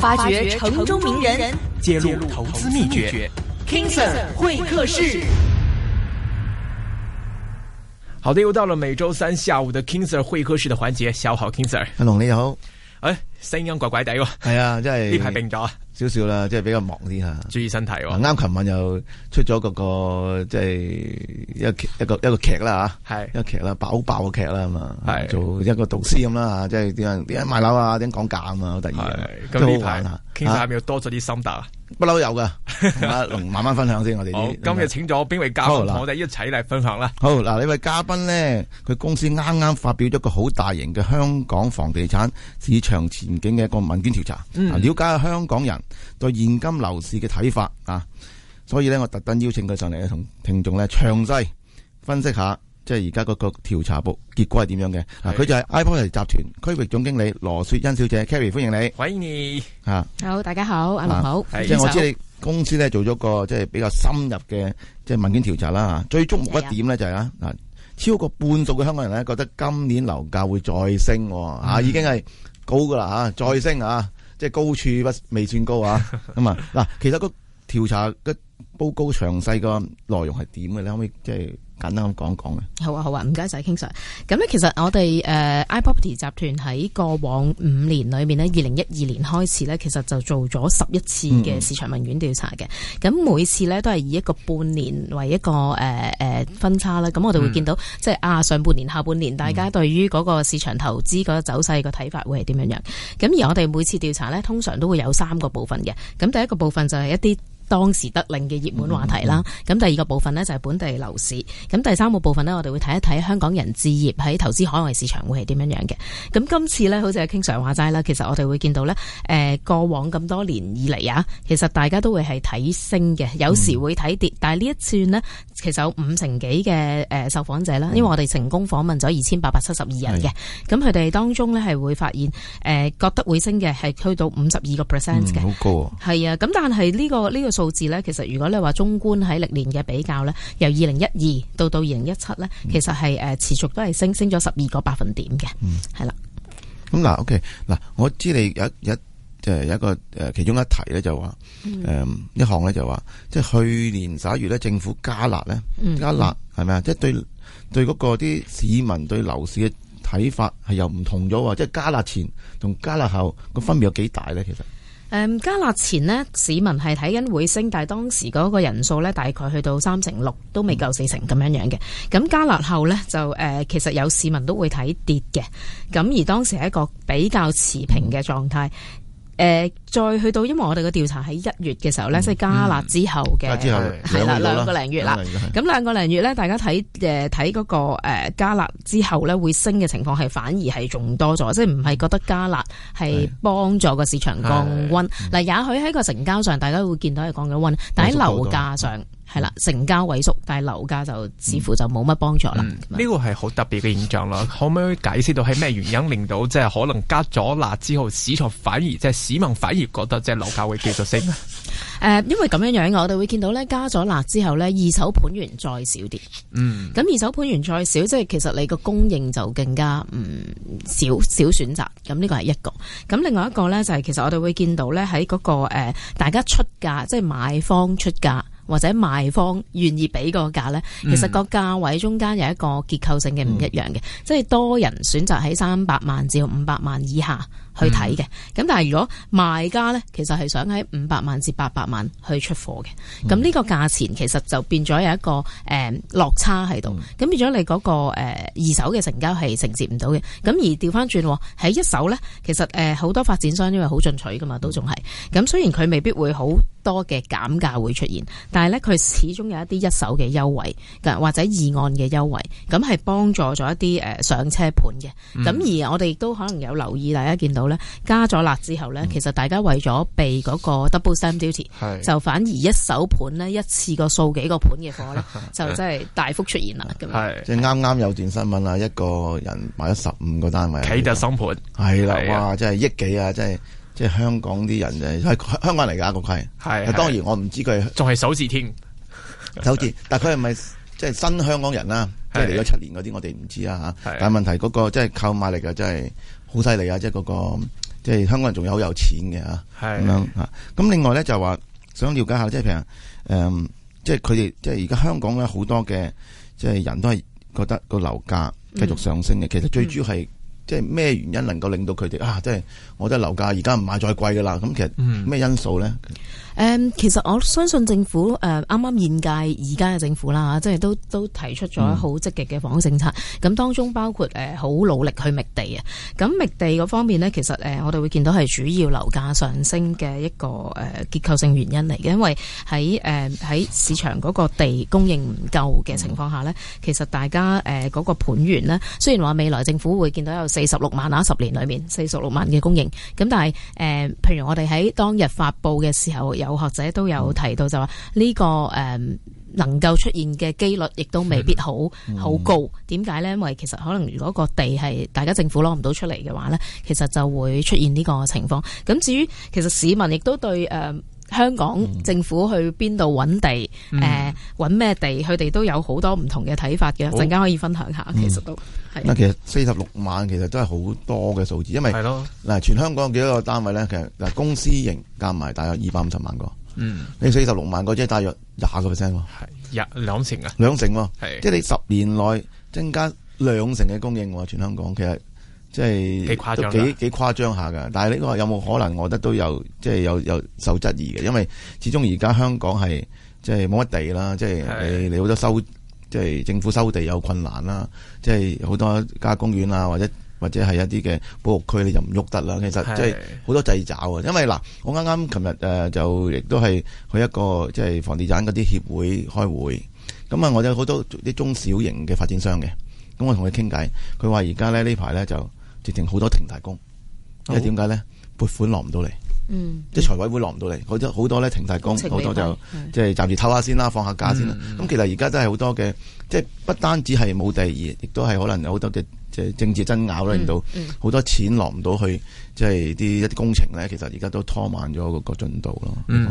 發掘城中名人，揭露投資秘訣。King Sir 會客室。好的，又到了每周三下午的 King Sir 會客室的環節。下午好，King Sir。阿龍你好。哎，聲音怪怪的喲。係啊，真係呢排病咗啊。少少啦，即係比較忙啲啊！注意身體喎、哦。啱，琴晚又出咗嗰個即係一一個一個劇啦吓，係一個劇啦，是爆爆嘅劇啦嘛，係是做一個導師咁啦吓，即係點樣點樣賣樓啊，點講價啊嘛，好得意嘅。咁呢排傾下，咪又多咗啲心得啊！不嬲有噶，阿龍，慢慢分享先。我哋今日請咗邊位嘉賓？好我哋一齊嚟分享啦。好嗱，賓呢位嘉賓咧，佢公司啱啱發表咗個好大型嘅香港房地產市場前景嘅一個問卷調查，嗯、了解下香港人對現今樓市嘅睇法啊。所以咧，我特登邀請佢上嚟，同聽眾咧詳細分析下。即係而家嗰個調查報結果係點樣嘅？佢就係 iProperty 集團區域總經理羅雪欣小姐，Kerry 歡迎你。歡迎你。吓好，大家好，阿林好。即係我知你公司咧做咗個即係比較深入嘅即係問卷調查啦。吓最矚目一點咧就係啊，超過半數嘅香港人咧覺得今年樓價會再升。吓已經係高噶啦，吓再升啊，即係高處不未算高啊。咁啊嗱，其實個調查嘅。報告詳細個內容係點嘅咧？你可唔可以即係簡單咁講一講咧？好啊，好啊，唔該晒、King、Sir，咁咧，其實我哋誒、呃、iProperty 集團喺過往五年裏面呢，二零一二年開始呢，其實就做咗十一次嘅市場民意調查嘅。咁、嗯、每次呢，都係以一個半年為一個誒誒、呃呃、分差啦。咁我哋會見到、嗯、即係啊上半年下半年，大家對於嗰個市場投資個走勢個睇法會係點樣樣？咁、嗯、而我哋每次調查呢，通常都會有三個部分嘅。咁第一個部分就係一啲當時得令嘅熱門話題啦，咁、嗯、第二個部分呢，就係本地樓市，咁、嗯、第三個部分呢，我哋會睇一睇香港人置業喺投資海外市場會係點樣樣嘅。咁、嗯、今次呢，好似 King Sir 話齋啦，其實我哋會見到呢，誒、呃、過往咁多年以嚟啊，其實大家都會係睇升嘅，有時會睇跌，嗯、但係呢一轉呢，其實有五成幾嘅誒受訪者啦，因為我哋成功訪問咗二千八百七十二人嘅，咁佢哋當中呢，係會發現誒、呃、覺得會升嘅係去到五十二個 percent 嘅，好、嗯、高。啊，係啊，咁但係呢個呢個，這個數字咧，其實如果你話中觀喺歷年嘅比較咧，由二零一二到到二零一七咧，其實係誒持續都係升升咗十二個百分點嘅，係啦的。咁嗱、嗯、，OK，嗱、嗯，我知你有一，即係有一個誒其中一題咧，嗯嗯、就話誒一項咧就話，即係去年十一月咧，政府加辣咧加辣係咪啊？即係對對嗰個啲市民對樓市嘅睇法係又唔同咗，或者加辣前同加辣後個分別有幾大咧、嗯？其實？誒、嗯、加納前呢，市民係睇緊會升，但係當時嗰個人數呢，大概去到三成六都未夠四成咁樣樣嘅。咁加辣後呢，就誒、呃、其實有市民都會睇跌嘅。咁而當時係一個比較持平嘅狀態，誒、呃。再去到，因為我哋嘅調查喺一月嘅時候咧，即係、嗯、加辣之後嘅、啊，之後係啦兩個零月啦。咁兩個零月咧，大家睇誒睇嗰個誒加辣之後咧，會升嘅情況係反而係仲多咗，是即係唔係覺得加辣係幫助個市場降溫？嗱，嗯、也許喺個成交上，大家會見到係降咗溫，但喺樓價上係啦，成交萎縮，但係樓價就似乎就冇乜幫助啦。呢、嗯嗯、吧個係好特別嘅現象啦， 可唔可以解釋到係咩原因令到即係可能加咗辣之後市場反而即係、就是、市民反而？覺得即係樓價會繼續升，誒，因為咁樣樣我哋會見到咧加咗辣之後咧，二手盤源再少啲，嗯，咁二手盤源再少，即係其實你個供應就更加唔少少選擇，咁呢個係一個，咁另外一個咧就係、是、其實我哋會見到咧喺嗰個誒、呃，大家出價，即係買方出價。或者賣方願意俾個價呢？其實個價位中間有一個結構性嘅唔一樣嘅，嗯、即係多人選擇喺三百萬至五百萬以下去睇嘅。咁、嗯、但係如果賣家呢，其實係想喺五百萬至八百萬去出貨嘅。咁呢、嗯、個價錢其實就變咗有一個誒、呃、落差喺度。咁、嗯、變咗你嗰、嗰個、呃、二手嘅成交係承接唔到嘅。咁而掉返轉喺一手呢，其實誒好、呃、多發展商因為好進取㗎嘛，都仲係咁。雖然佢未必會好。多嘅減價會出現，但係咧佢始終有一啲一手嘅優惠，或者二按嘅優惠，咁係幫助咗一啲誒上車盤嘅。咁而我哋亦都可能有留意，大家見到咧加咗辣之後咧，其實大家為咗避嗰個 double stamp duty，就反而一手盤咧一次過數幾個盤嘅貨咧，就真係大幅出現啦。咁樣即係啱啱有段新聞啦，一個人買咗十五個單位，啟德新盤係啦，哇！真係億幾啊，真係～即係香港啲人啫，係香港嚟㗎個係。係的，當然我唔知佢仲係首字添，首字， 但係佢係咪即係新香港人啦、啊？的即係嚟咗七年嗰啲、啊，我哋唔知啦嚇。但係問題嗰、那個即係、就是、購買力啊，真係好犀利啊！即係嗰個即係香港人，仲係好有錢嘅嚇、啊。係咁的樣嚇。咁的另外咧就話想了解下，即、就、係、是、譬如誒、嗯，即係佢哋即係而家香港咧好多嘅，即係人都係覺得個樓價繼續上升嘅。嗯、其實最主要係。嗯即係咩原因能夠令到佢哋啊？即係我覺得樓價而家唔買再貴噶啦。咁其實咩因素呢？誒、嗯，其實我相信政府誒啱啱現屆而家嘅政府啦，即係都都提出咗好積極嘅房屋政策。咁當中包括誒好、呃、努力去覓地啊。咁覓地嗰方面呢，其實誒、呃、我哋會見到係主要樓價上升嘅一個誒、呃、結構性原因嚟嘅。因為喺誒喺市場嗰個地供應唔夠嘅情況下呢，嗯、其實大家誒嗰、呃那個盤源呢，雖然話未來政府會見到有十四十六萬啊！十年裏面四十六萬嘅供應，咁但係誒、呃，譬如我哋喺當日發布嘅時候，有學者都有提到就話呢、這個誒、呃、能夠出現嘅機率，亦都未必好好的高。點解呢？因為其實可能如果個地係大家政府攞唔到出嚟嘅話呢，其實就會出現呢個情況。咁至於其實市民亦都對誒。呃香港政府去邊度揾地？誒、嗯，揾咩、呃、地？佢哋都有好多唔同嘅睇法嘅，陣間可以分享下。其實都，嗯、係其實四十六萬其實都係好多嘅數字，因為嗱，全香港有幾多個單位咧？其實嗱，公私營加埋大約二百五十萬個，嗯、你四十六萬個即係大約廿個 percent，係廿兩成啊，兩成、啊，係係即係你十年內增加兩成嘅供應，全香港其實。即係幾誇張，幾幾誇張下噶。但係呢個有冇可能？我覺得都有，即係有有受質疑嘅。因為始終而家香港係即係冇乜地啦，即係你是你好多收，即係政府收地有困難啦。即係好多家公園啊，或者或者係一啲嘅保育區，你就唔喐得啦。其實即係好多掣肘啊。因為嗱，我啱啱琴日，誒、呃、就亦都係去一個即係房地產嗰啲協會開會。咁啊，我有好多啲中小型嘅發展商嘅。咁我同佢傾偈，佢話而家咧呢排咧就。直情好多停牌工，因為點解咧撥款落唔到嚟，嗯、即係財委會落唔到嚟，嗰啲好多咧停牌工，好多就即係暫時唞下先啦，放下假先啦。咁、嗯、其實而家真係好多嘅，即係不單止係冇第二，亦都係可能有好多嘅。即係政治爭拗咧，令到好多錢落唔到去，即係啲一啲工程咧，其實而家都拖慢咗個個進度咯。呢、嗯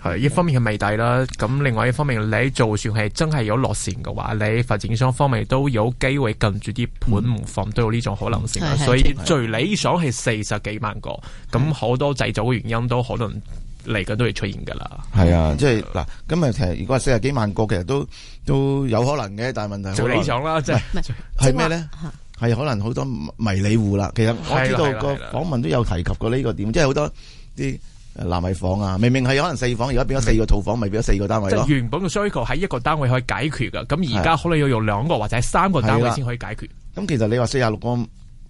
啊、方面係係呢方面係未抵啦。咁另外一方面，你就算係真係有落船嘅話，你發展商方面都有機會撳住啲盤唔放，都有呢種可能性。嗯、所以最理想係四十幾萬個，咁好的多製造嘅原因都可能嚟緊都會出現㗎啦。係啊，即係嗱，咁啊其實如果係四十幾萬個，其實都都有可能嘅。但係問題最理想啦，即係係咩咧？喂係可能好多迷你戶啦，其實我知道個訪問都有提及過呢個點，即係好多啲納米房啊，明明係可能四房，而家變咗四個套房，咪的變咗四個單位咯。原本嘅需求喺一個單位可以解決噶，咁而家可能要用兩個或者三個單位先的可以解決。咁、嗯、其實你話四十六個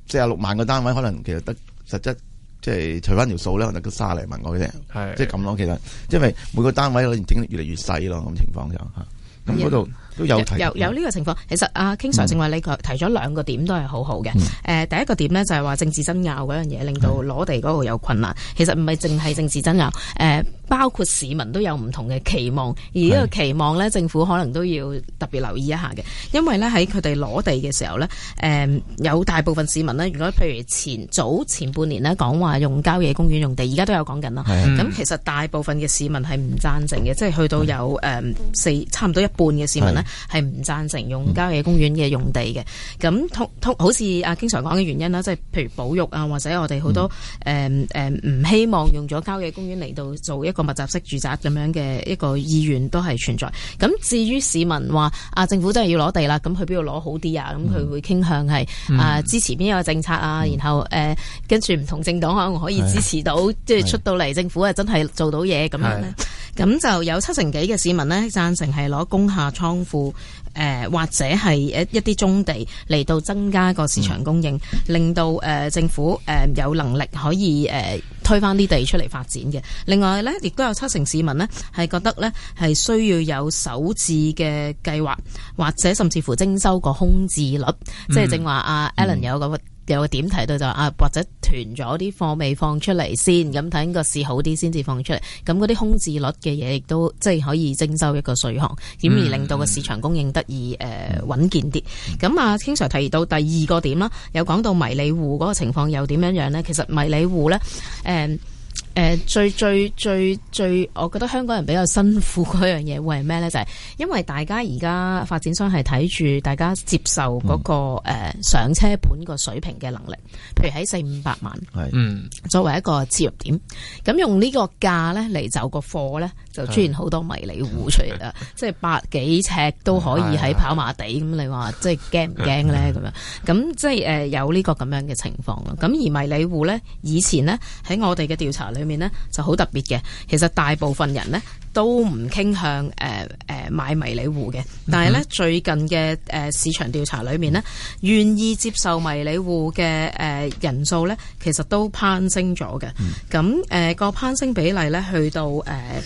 四十六萬個單位，可能其實得實質即係除翻條數咧，可能都卅嚟萬個啫，即係咁咯。其實因為每個單位可能整得越嚟越細咯，咁情況就吓咁度。嗯那那都有有有呢個情況，其實阿 King Sir 正話你提咗兩個點都係好好嘅。誒、嗯呃、第一個點咧就係話政治爭拗嗰樣嘢令到攞地嗰度有困難，是的 其實唔係淨係政治爭拗，誒、呃、包括市民都有唔同嘅期望，而呢個期望咧，政府可能都要特別留意一下嘅，因為咧喺佢哋攞地嘅時候咧，誒、呃、有大部分市民咧，如果譬如前早前半年咧講話用郊野公園用地，而家都有講緊啦。咁是的 其實大部分嘅市民係唔贊成嘅，即係去到有誒是的、嗯、四差唔多一半嘅市民咧。係唔贊成用郊野公園嘅用地嘅，咁同同好似啊，經常講嘅原因啦，即係譬如保育啊，或者我哋好多誒誒，唔、嗯嗯嗯、希望用咗郊野公園嚟到做一個密集式住宅咁樣嘅一個意願都係存在。咁至於市民話啊，政府真係要攞地啦，咁去邊度攞好啲啊？咁佢會傾向係啊支持邊一個政策啊？嗯、然後誒、啊、跟住唔同政黨我可以支持到，即係的出到嚟的政府啊，真係做到嘢咁樣呢。咁的的就有七成幾嘅市，市，市，市，市民呢，贊成係攞工廈倉。倉附或者係一一啲棕地嚟到增加個市場供應，mm hmm. 令到誒政府誒有能力可以誒推翻啲地出嚟發展嘅。另外呢，亦都有七成市民呢係覺得呢係需要有首置嘅計劃，或者甚至乎徵收個空置率，mm hmm. 即係正話阿 Alan 有個。有個點提到就是、啊，或者囤咗啲貨未放出嚟先，咁睇個市好啲先至放出嚟。咁嗰啲空置率嘅嘢亦都即係可以徵收一個稅項，顯而令到個市場供應得以誒、呃、穩健啲。咁、嗯嗯、啊，經常提到第二個點啦，有講到迷你戶嗰個情況又點樣樣呢？其實迷你戶呢。誒、嗯。誒，最最最最，我覺得香港人比較辛苦樣嘢會係咩咧？就係、係、因為大家而家發展商係睇住，大家接受嗰個誒上車盤個水平嘅能力，嗯、譬如喺四五百萬，嗯，作為一個切入點，咁用呢個價咧嚟走個貨咧，就出現好多迷你戶出嚟啦。嗯、即係百幾尺都可以喺跑馬地，咁、嗯、你話即係驚唔驚咧？咁、嗯、樣，咁即係誒有呢個咁樣嘅情況咯。咁而迷你戶咧，以前咧喺我哋嘅調查咧。裏面呢就好特別嘅，其實大部分人呢都唔傾向誒誒，呃呃，買迷你戶嘅，但係呢，最近嘅誒，呃，市場調查裏面呢，願意接受迷你戶嘅誒人數呢，其實都攀升咗嘅。咁誒個攀升比例呢，去到誒，呃，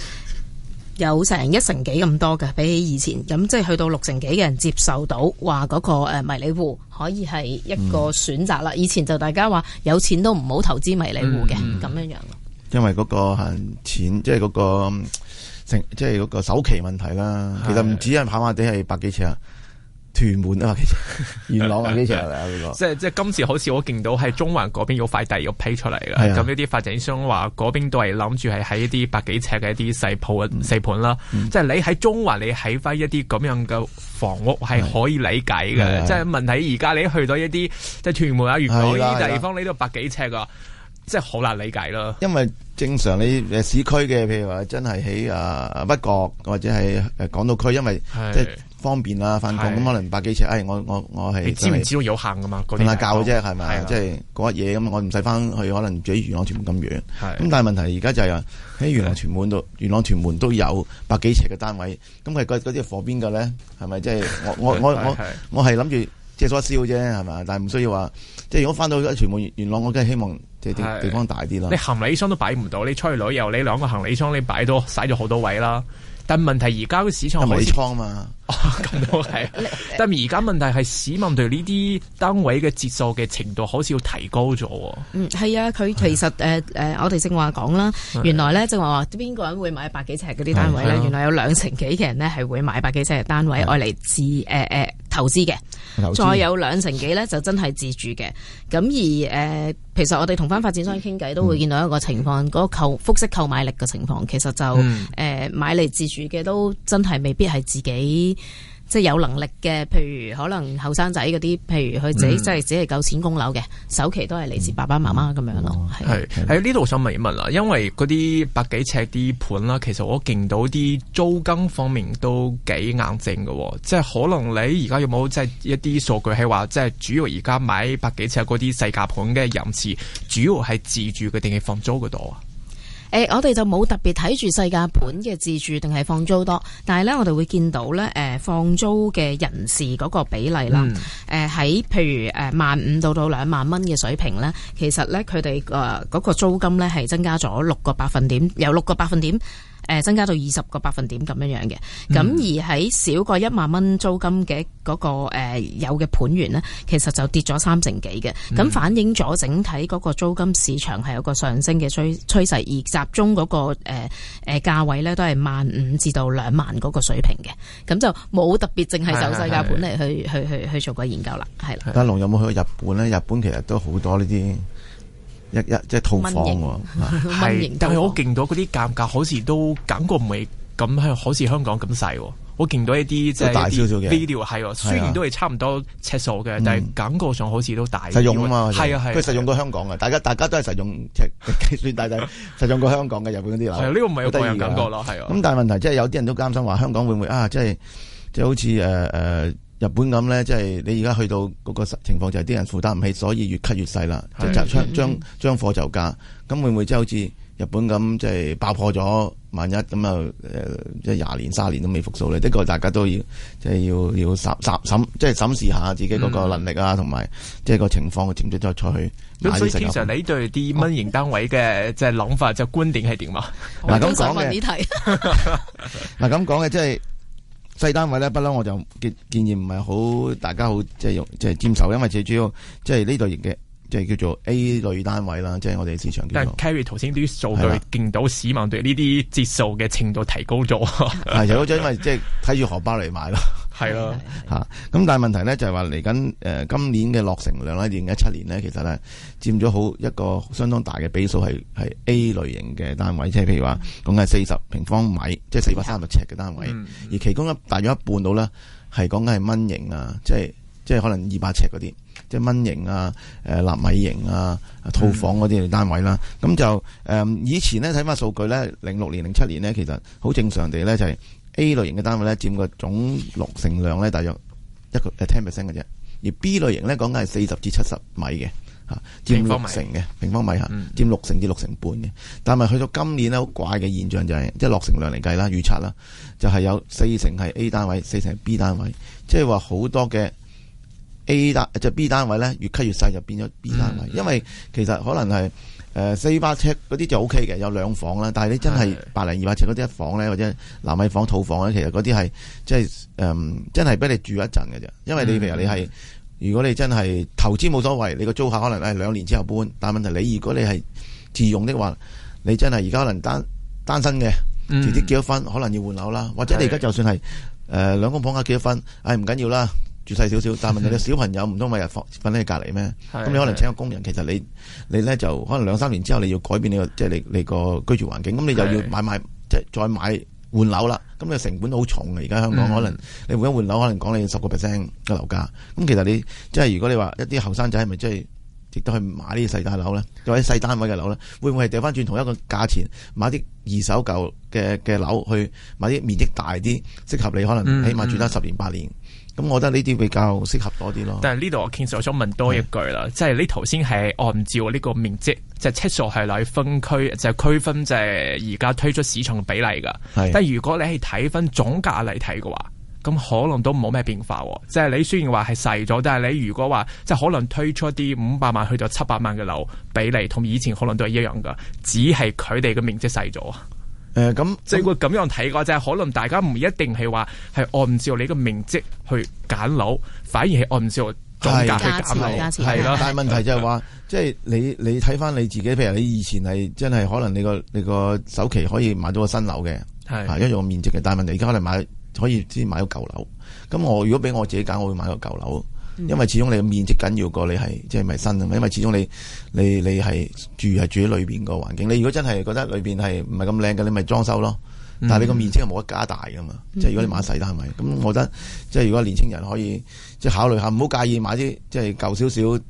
有成一成幾咁多嘅，比起以前，咁即係去到六成幾嘅人接受到話嗰個誒迷你戶可以係一個選擇啦。嗯、以前就大家話有錢都唔好投資迷你戶嘅，咁樣樣。因為嗰個限錢，即係嗰個即係個首期問題啦。其實唔止係跑馬地係百幾尺，屯門啊，元朗啊，幾尺。即係即係今次好似我見到喺中環嗰邊有塊地要批出嚟嘅，咁呢啲發展商話嗰邊都係諗住係喺一啲百幾尺嘅一啲細鋪啊、細盤啦。即係你喺中環，你喺翻一啲咁樣嘅房屋係可以理解嘅。即係問題，而家你去到一啲即係屯門啊、元朗呢啲地方，你都百幾尺啊。即係好難理解咯，因為正常你誒市區嘅，譬如話真係喺誒北角或者係誒港島區，因為即係方便啊、翻工咁可能百幾尺。是的 哎、我我我係知唔知道有限噶嘛？嗰啲教嘅啫，係咪？即係嗰一嘢咁，我唔使翻去可能住喺元朗屯門咁遠。咁是的 但係問題而家就係，話，喺元朗屯門度，是的 元朗屯門都有百幾尺嘅單位，咁佢嗰啲火邊嘅咧？係咪即係我我我我我係諗住借火燒嘅啫，係咪？但係唔需要話，即係如果翻到喺屯門元朗，我梗係希望。地方大啲啦，你行李箱都擺唔到，你出去旅遊你兩個行李箱，你擺都使咗好多位啦。但問題而家個市場，行李倉嘛，咁都係。 你但而家問題係市民對呢啲單位嘅接受嘅程度，好似要提高咗。嗯，係啊，佢其實誒誒、啊呃，我哋正話講啦，原來咧正話話邊個人會買百幾尺嗰啲單位咧？啊、原來有兩成幾嘅人咧係會買百幾尺單位、啊，愛嚟自誒誒、呃呃、投資嘅。再有兩成幾咧，就真係自住嘅。咁而誒、呃，其實我哋同翻發展商傾偈，都會見到一個情況，嗰個購、嗯、複式購買力嘅情況，其實就誒、嗯呃、買嚟自住嘅都真係未必係自己。即係有能力嘅，譬如可能後生仔嗰啲，譬如佢自己即係自己只係夠錢供樓嘅，嗯、首期都係嚟自爸爸媽媽咁樣咯。係喺呢度我想問一問啦，因為嗰啲百幾尺啲盤啦，其實我見到啲租金方面都幾硬淨嘅，即係可能你而家有冇即係一啲數據係話，即係主要而家買百幾尺嗰啲細價盤嘅人次，主要係自住嘅定係放租嗰度啊？誒、呃，我哋就冇特別睇住世界盤嘅自住定係放租多，但係呢，我哋會見到呢誒、呃、放租嘅人士嗰個比例啦，誒喺、嗯呃、譬如誒萬五到到兩萬蚊嘅水平呢，其實呢，佢哋誒嗰個租金呢係增加咗六個百分點，有六個百分點。誒、呃、增加到二十個百分點咁樣樣嘅，咁、嗯、而喺少過一萬蚊租金嘅嗰、嗰個、呃、有嘅盤源呢，其實就跌咗三成幾嘅，咁、嗯、反映咗整體嗰個租金市場係有個上升嘅趨趨勢，而集中嗰、嗰個誒誒價位呢，都係萬五至到兩萬嗰個水平嘅，咁就冇特別淨係走細價盤嚟去是是是去去去，去，去做個研究啦，係啦。阿龍是是 有冇去過日本呢？日本其實都好多呢啲。一一一套，就是，房喎，係瑩，是但係我見到嗰啲間隔好似都感覺唔係咁好似香港咁細。我見到一啲即係大少少嘅 video 係，啊、雖然都係差唔多尺數嘅，啊、但係感覺上好似都大。實、嗯、用啊嘛，係為啊係，佢實、啊啊啊、用過香港嘅，大家大家都係實用，即係算大細，實用過香港嘅日本啲樓。呢、 啊這個唔係有個人感覺咯，係啊。咁 但係問題即係有啲人都擔心話香港會唔會啊？即係即係好似誒誒。呃呃日本咁咧，即係你而家去到嗰個情況，就係啲人負擔唔起，所以越吸越細啦，就集槍將將貨就價。咁會唔會即係好似日本咁，即係爆破咗？萬一咁啊，即係廿年、卅年都未復蘇咧？的確，大家都要即係要要審審即係審視下自己嗰個能力啊，同埋即係個情況，嘅唔接再出去？咁所以，通常你對啲蚊型單位嘅即係諗法、即係觀點係點啊？嗱，咁講嘅，嗱咁講嘅，即係。細單位咧，不嬲，我就建建議唔係好，大家好即係用即係接受，因為最主要即係呢類型嘅，就是即係叫做 A 類單位啦，即係我哋市場見到。但係 Carry 頭先啲數據見到市民對呢啲折數嘅程度提高咗。係的，有咗，因為即係睇住荷包嚟買咯。係咯，吓。咁但係問題咧就係話嚟緊誒，今年嘅落成量咧，二零一七年咧，其實咧佔咗好一個相當大嘅比數係係 A 類型嘅單位，即係譬如話講緊係四十平方米，嗯、即係四百三十尺嘅單位，嗯、而其中一大約一半到咧係講緊係蚊型啊，即係即係可能二百尺嗰啲。即係蚊型啊、誒、呃、納米型啊、套房嗰啲嘅單位啦，咁、嗯、就誒、呃、以前呢，睇翻數據咧，零六年、零七年呢，其實好正常地咧就係、是、A 類型嘅單位咧佔個總落成量咧，大約一個係 ten percent 嘅啫。而 B 類型咧講緊係四十至七十米嘅嚇，佔六成嘅平方米嚇，佔六、嗯、成至六成半嘅。但係去到今年咧，好怪嘅現象就係、是、即係落成量嚟計啦，預測啦，就係、是、有四成係 A 單位，四成係 B 單位，即係話好多嘅。A 單即 B 單位咧，越吸越細就變咗 B 單位，越越單位嗯、因為其實可能係誒四百尺嗰啲就 O K 嘅，有兩房啦。但係你真係百零二百尺嗰啲一房咧，或者納米房、套房咧，其實嗰啲係即係誒，真係俾你住一陣嘅啫。因為你譬如你係，如果你真係投資冇所謂，你個租客可能係兩年之後搬。但係問題你如果你係自用的話，你真係而家可能單單身嘅，自己結咗婚，可能要換樓啦。或者你而家就算係誒、嗯嗯呃、兩公婆結咗婚，唉、哎，唔緊要啦。住細少少，但係問題你小朋友唔通 每日放瞓喺隔離咩？咁 你可能請個工人，其實你你咧就可能兩三年之後你要改變你個即係你你個居住環境，咁 你就要買買即係再買換樓啦。咁你成本好重嘅，而家香港可能、嗯、你換一換樓，可能講你十個 percent 嘅樓價。咁其實你即係如果你話一啲後生仔係咪即係值得去買啲細單位樓咧，或啲細單位嘅樓咧，會唔會係掉翻轉同一個價錢買啲二手舊嘅嘅樓去買啲面積大啲適合你可能起碼住得十年八年？嗯咁，我覺得呢啲比較適合多啲咯。但係呢度我其實我想問多一句啦，即係是你頭先係按照呢個面積，即係呎數係嚟分區，就區、是、分即係而家推出市場嘅比例噶。是但係如果你係睇翻總價嚟睇嘅話，咁可能都冇咩變化。即、就、係、是、你雖然話係細咗，但係你如果話即係可能推出啲五百萬去到七百萬嘅樓比例，同以前可能都係一樣噶，只係佢哋嘅面積細咗。誒，咁、嗯嗯、即係會咁樣睇個就係，可能大家唔一定係話係按照你個面積去揀樓，反而係按照總價去揀樓，係咯的。錢但係問題就係話，嗯、即係你你睇翻，你自己，譬如你以前係真係可能你個你個首期可以買到個新樓嘅，係一樣面積嘅。大係問題而家可能買可以先買到舊樓，咁我如果俾我自己揀，我會買個舊樓。因為始終你嘅面積緊要過你係即係咪新啊？因為始終你你你係住係住喺裏邊個環境，你如果真係覺得裏邊係唔係咁靚嘅，你咪裝修咯。但係你個面積係冇得加大噶嘛，即係如果你買細得係咪？咁我覺得即係如果年青人可以即係考慮下，唔好介意買啲即係舊少少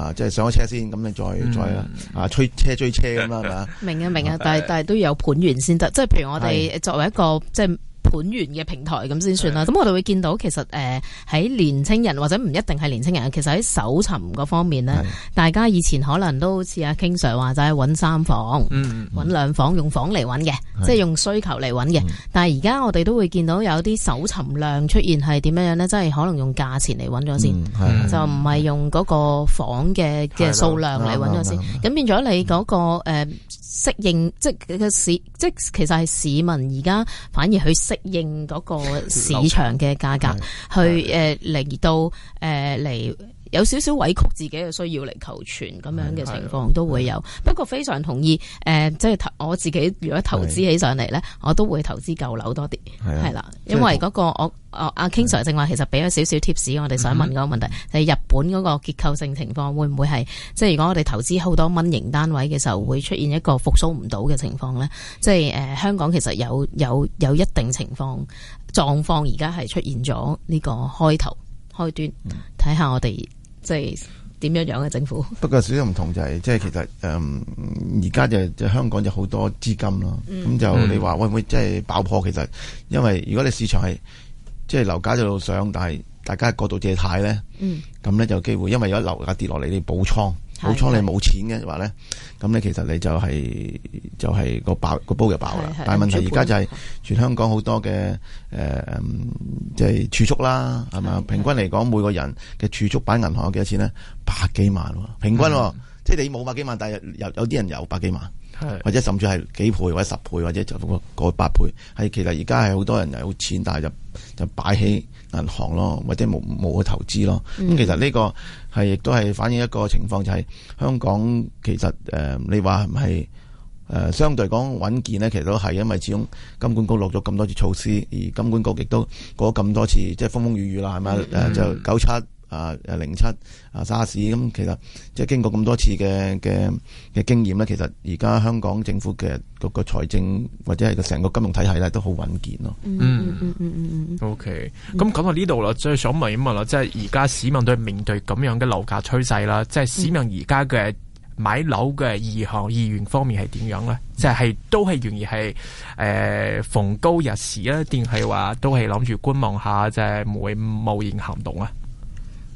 啊，即係上咗車先，咁你再再啊啊追車追車咁啊嘛。明啊明啊，但係但係都要有盤源先得。即係譬如我哋作為一個即係。本源嘅平台，咁先算啦。咁我哋會見到其實，誒喺年青人或者唔一定係年青人，其實喺搜尋嗰方面咧，大家以前可能都好似阿 King Sir 話齋係揾三房，揾兩房用房嚟揾嘅，即係用需求嚟揾嘅。但係而家我哋都會見到有啲搜尋量出現係點樣樣咧，即係可能用價錢嚟揾咗先，就唔係用嗰個房嘅嘅數量嚟揾咗先。咁變咗你嗰個誒適應，即係嘅市，即係其實係市民而家反而去適。應嗰個市場嘅價格、 嗯、去誒嚟、呃、到誒嚟。呃有少少委屈自己嘅需要嚟求存咁樣嘅情況都會有，不過非常同意，誒，即係投我自己，如果投資起上嚟呢，我都會投資舊樓多啲，係啦，因為嗰個我，哦，阿 King Sir 正話，其實俾咗少少 tips，我哋想問嗰個問題，就係日本嗰個結構性情況會唔會係，即係如果我哋投資好多蚊型單位嘅時候，會出現一個復甦唔到嘅情況呢？即係誒，香港其實有有有一定情況狀況，而家係出現咗呢個開頭開端，睇下我哋。即係點樣樣嘅政府？不過少少唔同就係、是，即係其實誒，而、嗯、家就香港就好多資金咯。咁、嗯、就你話、嗯、會唔會即係爆破？其實因為如果你市場係即係樓價喺度、是、上，但係大家過度借貸咧，咁咧、嗯、就有機會，因為有樓價跌落嚟，你補倉。補倉你冇錢嘅話咧，咁你的其實你就係、是、就係個爆個煲就爆啦。的但係問題而家就係全香港好多嘅，誒，即、呃、係、就是、儲蓄啦，係嘛？的平均嚟講，的每個人嘅儲蓄擺銀行有幾多錢咧？百幾萬，平均的即係你冇百幾萬，但係有有啲人有百幾萬，的或者甚至係幾倍或者十倍或者過百倍，係其實而家係好多人有錢，但係就就擺喺銀行咯，或者冇冇去投資咯。咁、嗯、其實呢、這個。係，亦都係反映一個情況，就係、是、香港其實誒、呃，你話係唔係誒，相對講穩健咧，其實都係，因為始終金管局落咗咁多次措施，而金管局亦都過咗咁多次，即係風風雨雨啦，係咪啊？就九七。啊！誒、啊，零七啊 s a 咁，其實即係經過咁多次嘅嘅嘅經驗咧，其實而家香港政府嘅、這個、這個財政或者係個成個金融體系咧，都好穩健咯。嗯 okay, Euros 嗯嗯嗯嗯 O K，咁講到呢度啦，最想問嘅啦，即係而家市民都係面對咁樣嘅樓價趨勢啦，即係市民而家嘅買樓嘅意向意願方面係點樣咧？即係、嗯、都係願意係誒逢高日市咧，定係話都係諗住觀望下，即係唔會貿然行動啊？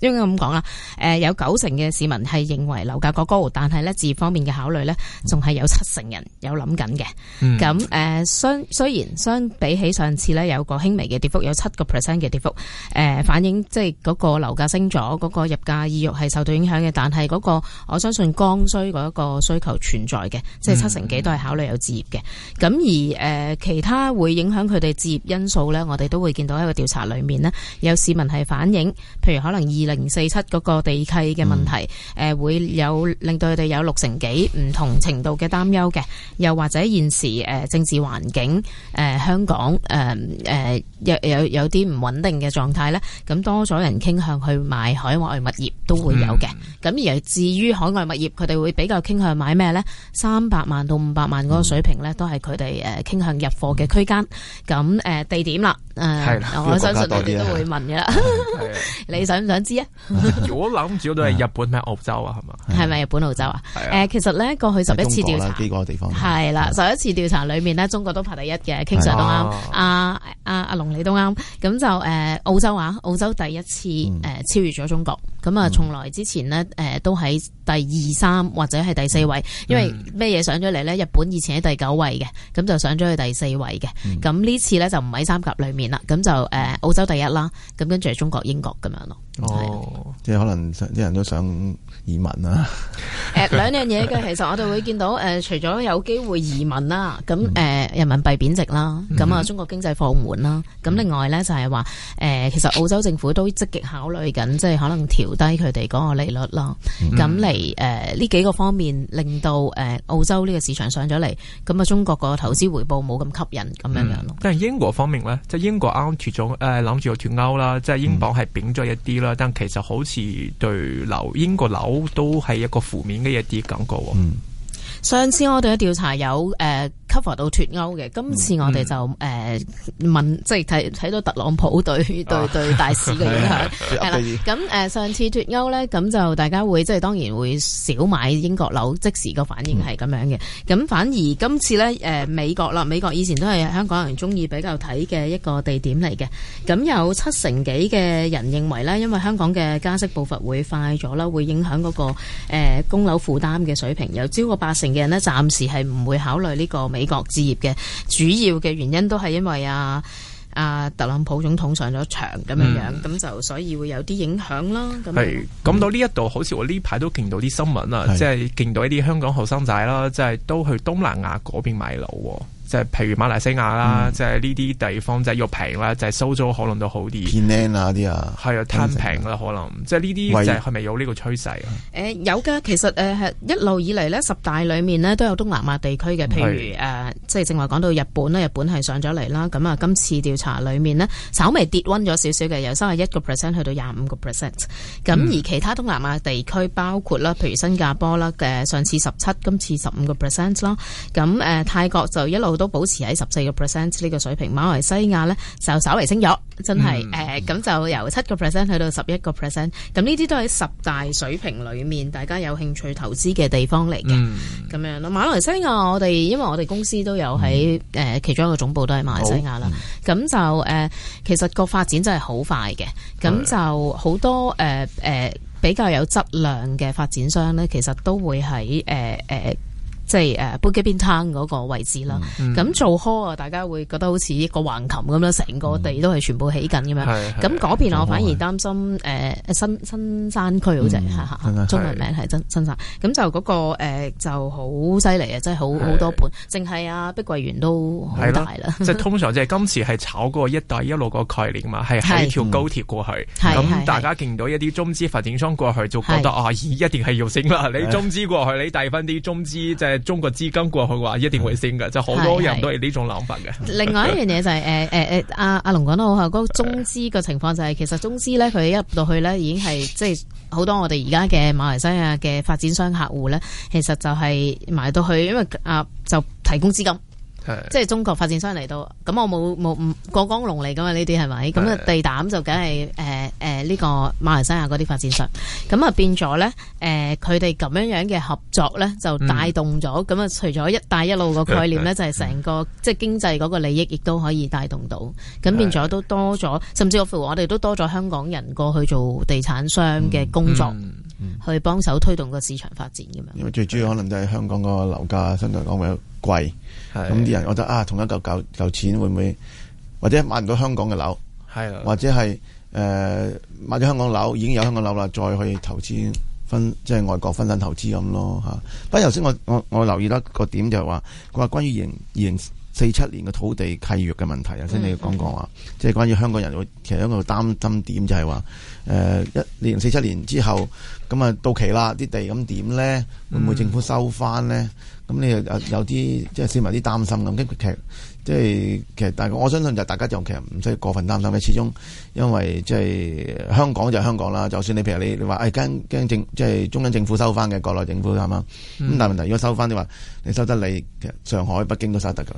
應該咁講啦，誒有九成嘅市民係認為樓價過高，但係咧置業方面嘅考慮咧，仲係有七成人有諗緊嘅。咁誒、嗯，雖雖然相比起上次咧，有個輕微嘅跌幅，有七個 percent 嘅跌幅，誒、呃、反映即係嗰個樓價升咗，嗰、那個入價意欲係受到影響嘅。但係嗰個我相信剛需嗰個需求存在嘅，即、就、係、是、七成幾都係考慮有置業嘅。咁、嗯、而誒、呃、其他會影響佢哋置業因素咧，我哋都會見到喺個調查裏面呢，有市民係反映，譬如可能二零四七嗰個地契嘅問題，誒、嗯、會有令到佢哋有六成幾唔同程度嘅擔憂嘅，又或者現時誒、呃、政治環境，誒、呃、香港誒誒、呃呃、有有有啲唔穩定嘅狀態呢，咁多咗人傾向去買海外物業都會有嘅。咁、嗯、而至於海外物業，佢哋會比較傾向買咩呢？三百萬到五百萬嗰個水平呢，都係佢哋誒傾向入貨嘅區間，咁誒地點啦。係啦，uh, 的我相信你哋都會問噶啦。 你想唔想知啊？如果諗住都係日本定澳洲啊？係嘛 的？係咪日本澳洲啊？誒的，uh, 其實咧過去十一次調查，係啦，十一次調查裏面咧，中國都排第一嘅，King Sir 都啱。阿阿阿龍你都啱，咁就誒、uh, 澳洲啊，uh, 澳洲第一次誒、uh, 嗯、超越咗中國。咁啊，嗯、從來之前呢，誒、呃、都喺第二三或者係第四位，嗯嗯、因為咩嘢上咗嚟呢？日本以前喺第九位嘅，咁就上咗去第四位嘅。咁呢、嗯、次呢，就唔喺三甲裡面啦，咁就誒、呃、澳洲第一啦，咁跟住係中國、英國咁樣咯。哦，啊、即係可能啲人都想。移民啊、呃，誒兩樣嘢嘅，其實我哋會見到誒、呃，除咗有機會移民啦，咁、呃、誒人民幣貶值啦，咁、呃、啊中國經濟放緩啦，咁、呃、另外咧就係話誒，其實澳洲政府都積極考慮緊，即係可能調低佢哋嗰個利率咯，咁嚟誒呢幾個方面令到誒、呃、澳洲呢個市場上咗嚟，咁、呃、啊中國個投資回報冇咁吸引咁樣樣咯、嗯。但係英國方面咧，即係英國啱啱脫咗誒諗住要脫歐啦，即係英鎊係貶咗一啲啦，嗯、但其實好似對樓英國樓。都係一個負面嘅一啲感覺。嗯、上次我哋嘅調查有誒。呃 cover 到脫歐嘅，今次我哋就誒問，即係睇睇到特朗普對對對大市嘅影響係啦。咁誒上次脫歐呢，咁就大家會即係當然會少買英國樓，即時個反應係咁樣嘅。咁反而今次呢，誒美國啦，美國以前都係香港人中意比較睇嘅一個地點嚟嘅。咁有七成幾嘅人認為呢，因為香港嘅加息步伐會快咗啦，會影響嗰個誒供樓負擔嘅水平。有超過八成嘅人呢，暫時係唔會考慮呢個。美國置業嘅主要嘅原因都係因為阿、啊、阿、啊、特朗普總統上咗場咁樣樣，咁、嗯、就所以會有啲影響咯。係講到呢一度，好似我呢排都見到啲新聞啊，即係見到一啲的香港後生仔啦，即係都去東南亞嗰邊買樓。就係譬如馬來西亞啦、嗯，就係呢啲地方就係要平啦，就係收租可能都好啲。平靚啊啲啊，係啊是貪平啦可能。即係呢啲就係係咪有呢個趨勢啊？誒喂、嗯呃、有㗎，其實誒、呃、一路以嚟呢，十大裡面呢都有東南亞地區嘅。譬如誒是、呃，即係正話講到日本啦，日本係上咗嚟啦。咁啊，今次調查裡面呢，稍微跌溫咗少少嘅，由三十一個 percent 去到廿五個 percent。咁而其他東南亞地區包括啦，譬如新加坡啦嘅、呃、上次十七，今次十五個 percent 囉。咁誒、呃、泰國就一路，都保持喺十四個 percent 呢個水平，馬來西亞呢就稍微升咗，真係誒，咁就由七個 percent 去到十一個 percent，咁呢啲都係十大水平裏面大家有興趣投資嘅地方嚟嘅。咁、嗯、樣咯。馬來西亞我哋因為我哋公司都有喺誒、嗯呃、其中一個總部都係馬來西亞啦，咁、嗯、就誒、呃、其實個發展真係好快嘅，咁就好多誒誒、呃呃、比較有質量嘅發展商呢，其實都會喺誒誒。呃呃呃即係誒 Bukit Bintang 嗰個位置啦，咁做 call 啊，大家會覺得好似一個橫琴咁啦，成個地都係全部起緊咁樣。咁嗰邊我反而擔心誒新新山區，好似中文名係新山。咁就嗰個就好犀利啊，即係好好多盤，淨係啊碧桂園都好大啦。即係通常即係今次係炒過一帶一路個概念嘛，係喺條高鐵過去，咁大家見到一啲中資發展商過去就覺得啊，咦一定係要升啦！你中資過去，你帶翻啲中資即係。中國資金過去嘅話，一定會升嘅，就好多人都係呢種諗法嘅。另外一樣嘢就係、是，誒誒誒，阿阿龍講得好啊，個、啊啊啊啊、中資嘅情況就係，其實中資咧，佢一入到去咧，已經係即係好多我哋而家嘅馬來西亞嘅發展商客戶咧，其實就係賣到去，因為啊，就提供資金。即係中國發展商嚟到，咁我冇冇過江龍嚟噶嘛？呢啲係咪咁啊？地膽就梗係，誒誒呢個馬來西亞嗰啲發展商咁啊？就變咗咧誒，佢哋咁樣樣嘅合作咧，就帶動咗咁啊。除咗一帶一路個概念咧，嗯、就係成個、嗯、即係經濟嗰個利益，亦都可以帶動到，咁變咗都多咗，嗯、甚至乎我哋都多咗香港人過去做地產商嘅工作。嗯嗯嗯、去幫手推動個市場發展咁樣，因為最主要可能都係香港個樓價相對嚟講比較貴，咁啲的人覺得啊，同一嚿嚿嚿錢會唔會或者買唔到香港嘅樓，的或者係誒、呃、買咗香港樓已經有香港樓啦，再去投資分即係、就是、外國分散投資咁咯吓。不過頭先我我我留意到一個點就係話，佢話關於營營。四七年嘅土地契約嘅問題，頭先你講講話，嗯嗯、即係關於香港人會其實香港擔心點就係話，誒一年四七年之後，咁、嗯、啊到期啦，啲地咁點咧，會唔會政府收翻咧？咁、嗯、你誒有啲即係市民啲擔心咁。跟住其實即係其實，但我相信就大家就其實唔需要過分擔心嘅。始終因為即係香港就係香港啦，就算你譬如你你話誒驚驚政，即係中央政府收翻嘅，國內政府啱唔啱？咁但係問題如果收翻，你話你收得你其實上海、北京都收得㗎。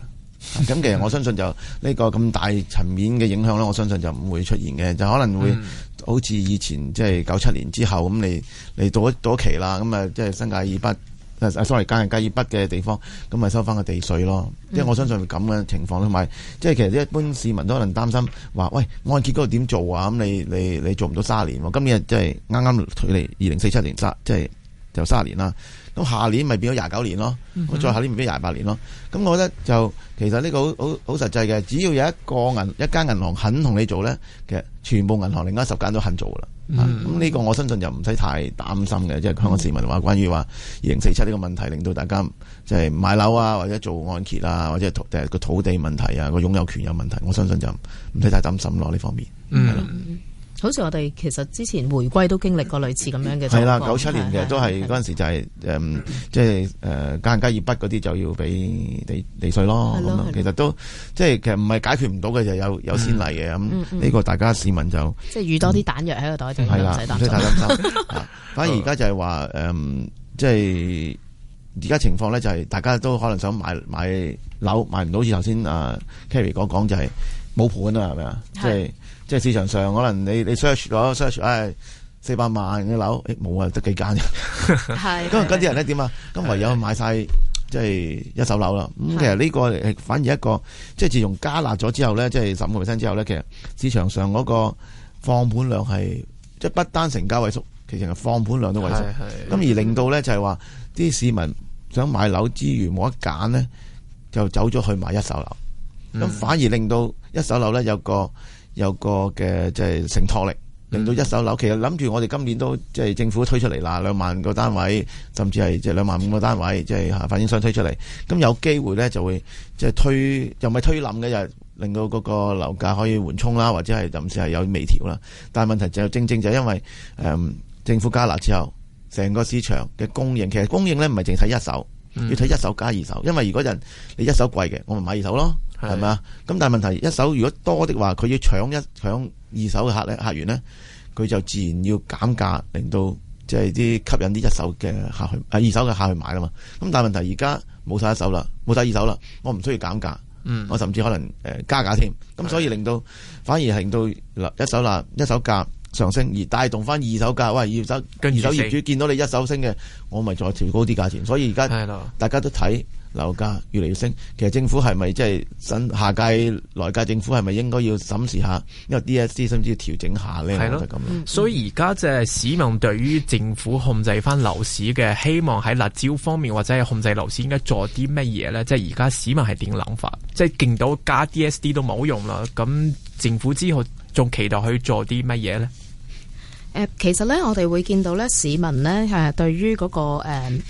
咁 其實我相信就呢、這個咁大層面嘅影響咧，我相信就唔會出現嘅，就可能會、嗯、好似以前即係九七年之後咁，你嚟到咗到期啦，咁啊即係新界以北、爾、啊、筆，sorry 界限街以北嘅地方，咁咪收翻個地稅咯，嗯、即係我相信係咁嘅情況，同埋即係其實一般市民都可能擔心話，喂按揭嗰個點做啊？咁你你你做唔到卅年喎？今年即係啱啱距離二零四七年卅，即係就卅、是、年啦。咁下年咪變咗廿九年咯，咁、嗯、哼再下年變咗廿八年咯。咁我覺得就其實呢個好好好實際嘅，只要有一個銀一間銀行肯同你做咧，其實全部銀行另外十間都肯做噶啦。咁呢、嗯哼啊這個我相信就唔使太擔心嘅，即係香港市民話關於話二零四七呢個問題令到大家即係買樓啊，或者做按揭啊，或者土地問題啊，個擁有權有問題，我相信就唔使太擔心咯呢方面。嗯哼。嗯好似我哋其實之前回歸都經歷過類似咁樣嘅情況。係啦，九七年嘅都係嗰陣時就係誒，即係誒間加業筆嗰啲就要俾地地稅咯。其實都即係其實唔係解決唔到嘅，就有有先例嘅咁。呢個大家市民就即係預多啲彈藥喺個袋度，係啦，唔使擔心。反而而家就係話誒，即係而家情況咧，就係大家都可能想買買樓買唔到，好似頭先啊 Carrie 講講就係冇盤啊，係咪啊？即係。即係市場上可能你你 search 咗 search，誒四百萬嘅樓，誒冇啊，得幾間啫。係。咁啲人咧點啊？咁唯有買晒，即係 一手樓啦。咁、嗯、其實呢個反而一個，即係自從加辣咗之後咧，即係十五個 percent 之後咧，其實市場上嗰個放盤量係即係不單成交萎縮，其實放盤量都萎縮。咁而令到咧就係話，啲市民想買樓之餘冇得揀咧，就走咗去買一手樓。咁反而令到一手樓咧有個。有個嘅即係承托力，令到一手樓其實諗住我哋今年都即係、就是、政府推出嚟喇兩萬個單位，甚至係即係兩萬五個單位，即、就、係、是、發展商推出嚟，咁有機會咧就會即係推又唔係推冧嘅，就是、令到嗰個樓價可以緩衝啦，或者係甚至係有微調啦。但係問題就正正就係因為誒、嗯、政府加壓之後，成個市場嘅供應其實供應咧唔係淨睇一手。要睇一手加二手，因為如果人你一手貴嘅，我咪買二手咯，係咪啊？咁是的 但係問題一手如果多的話，佢要搶一搶二手嘅客咧客源咧，佢就自然要減價，令到即係啲吸引啲一手嘅客去啊二手嘅客去買啦嘛。咁但係問題而家冇晒一手啦，冇晒二手啦，我唔需要減價，嗯、我甚至可能誒加價添。咁所以令到是的 反而係令到一手啦，一手價上升而帶動翻二手價，喂，二手跟住 二手業主見到你一手升嘅，四我咪再調高啲價錢。所以而家大家都睇樓價越嚟越升，其實政府係咪即係新下屆來屆政府係咪應該要審視下，因為 DSD 甚至要調整下咧，係咯的、嗯。所以而家即係市民對於政府控制翻樓市嘅希望喺辣招方面，或者係控制樓市應該做啲乜嘢咧？即係而家市民係點諗法？即係勁到加 DSD 都冇用啦，咁政府之後仲期待去做啲乜嘢咧？誒，其實咧，我哋會見到咧，市民咧，係，對於嗰個誒